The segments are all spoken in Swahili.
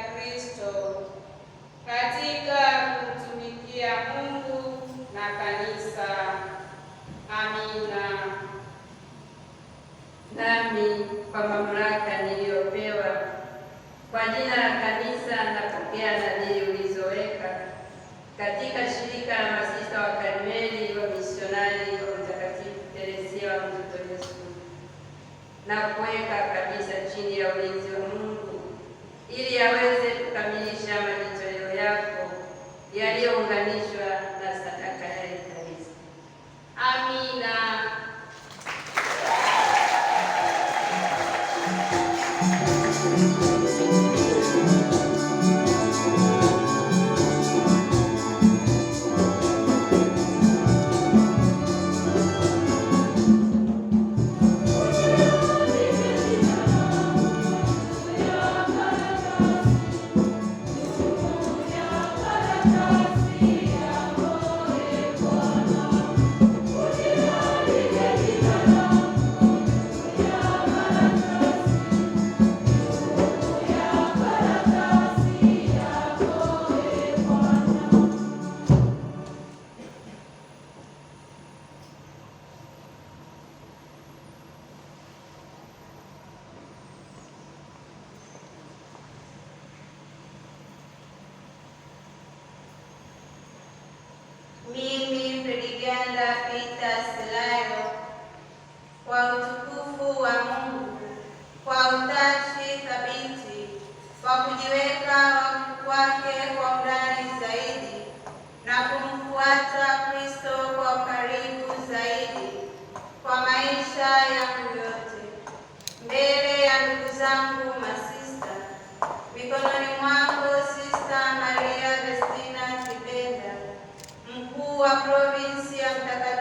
Kristo katika kutumikia Mungu na kanisa. Amina. Nami kwa mamlaka niliyopewa kwa jina la kanisa napokea nadhiri ulizoweka katika shirika la masista wa Karmeli wa misionari wa Mtakatifu Teresia wa Mtoto Yesu na kuweka kabisa chini ya ulinzi wa Mungu iria mais executar kwa utukufu wa Mungu kwa utashi thabiti kwa kujiweka wakfu wake kwa undani zaidi na kumfuata Kristo kwa ukaribu zaidi kwa maisha yangu yote. Mbele ya ndugu zangu masista, mikononi mwako Sista Maria Vestina Kipenda, mkuu wa provinsi ya mtakatifu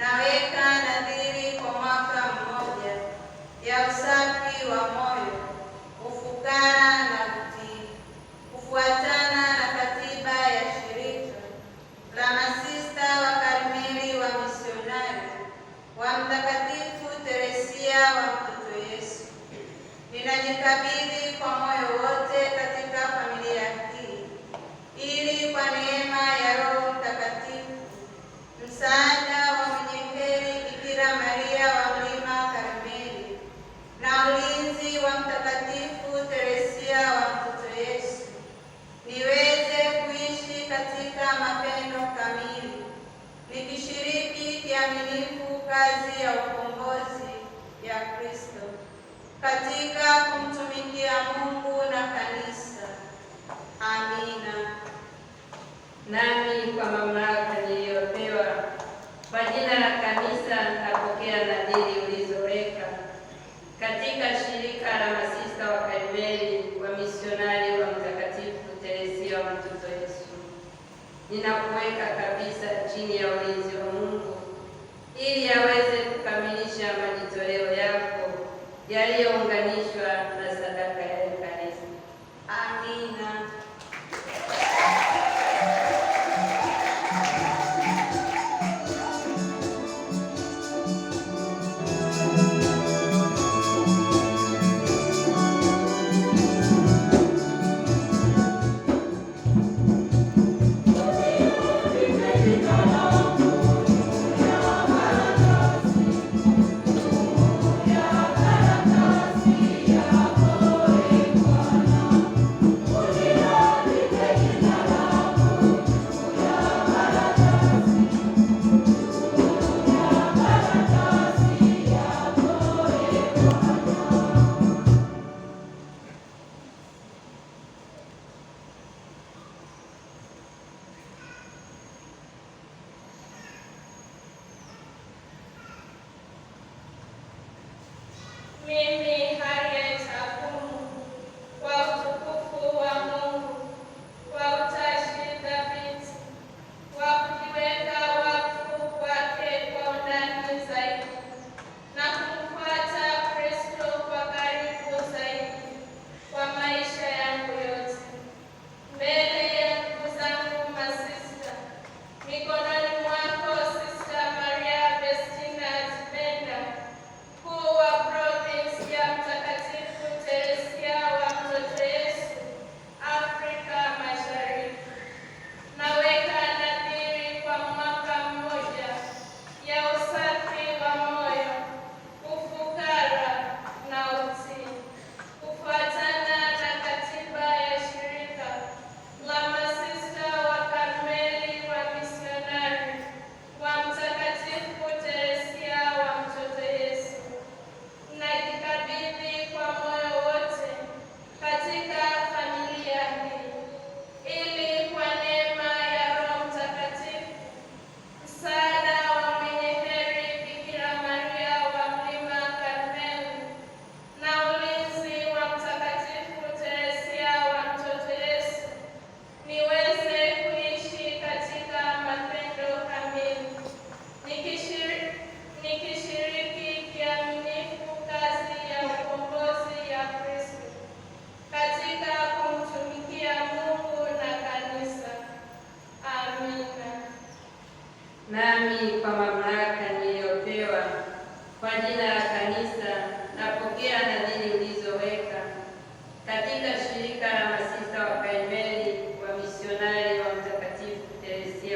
ver. kazi ya ukombozi ya Kristo katika kumtumikia Mungu na kanisa. Amina. Nami kwa mamlaka niliyopewa kwa jina la kanisa napokea nadhiri ulizoweka katika shirika la masista wa Karmeli wa misionari wa Mtakatifu Teresia wa Mtoto Yesu. Ninakuweka kabisa chini ya ulinzi wa Mungu ili aweze kukamilisha majitoleo yako yaliyounganishwa na sadaka yako.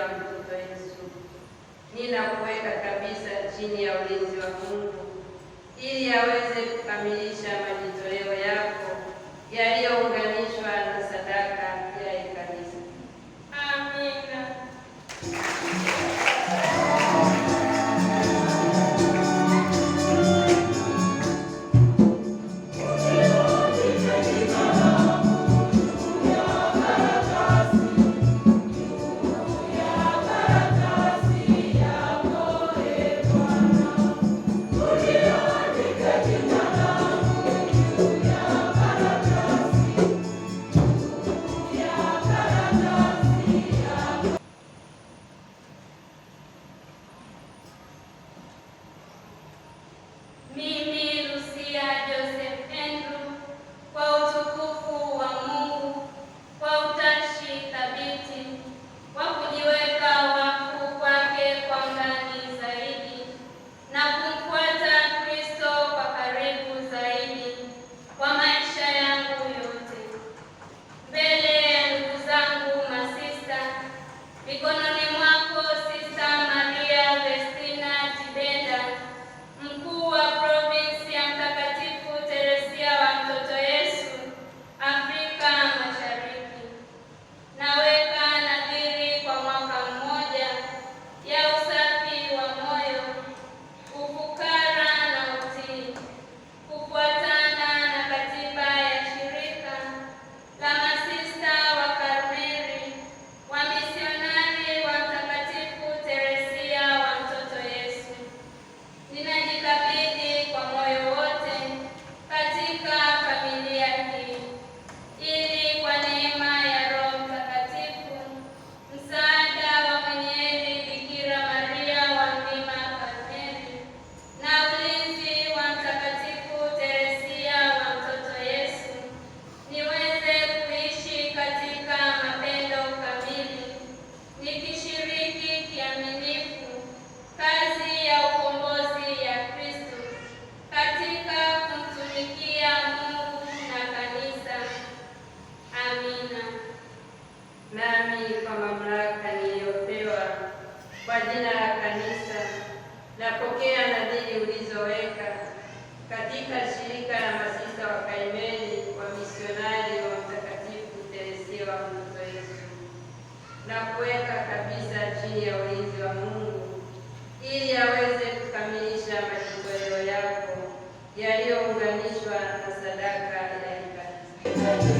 wa mtoto Yesu, ninakuweka kabisa chini ya ulinzi wa Mungu ili aweze kukamilisha majitoleo yako yaliyo katika shirika la masista wa kaimeli wa misionari wa Mtakatifu Teresia wa Mtoto Yesu na kuweka kabisa chini ya ulinzi wa Mungu ili aweze kukamilisha majitoleo yako yaliyounganishwa na sadaka ya Ekaristi.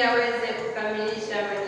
ili aweze kukamilisha